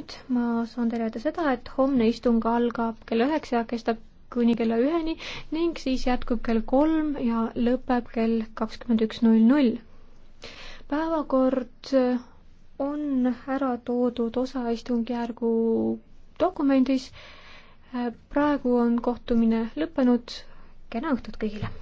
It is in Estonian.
nüüd ma saan teile öelda seda, et homne istung algab kell üheksa ja kestab kuni kella üheni ning siis jätkub kell kolm ja lõpeb kell kakskümmend üks null null. päevakord on ära toodud osa istungjärgu dokumendis. praegu on kohtumine lõppenud, kena õhtut kõigile!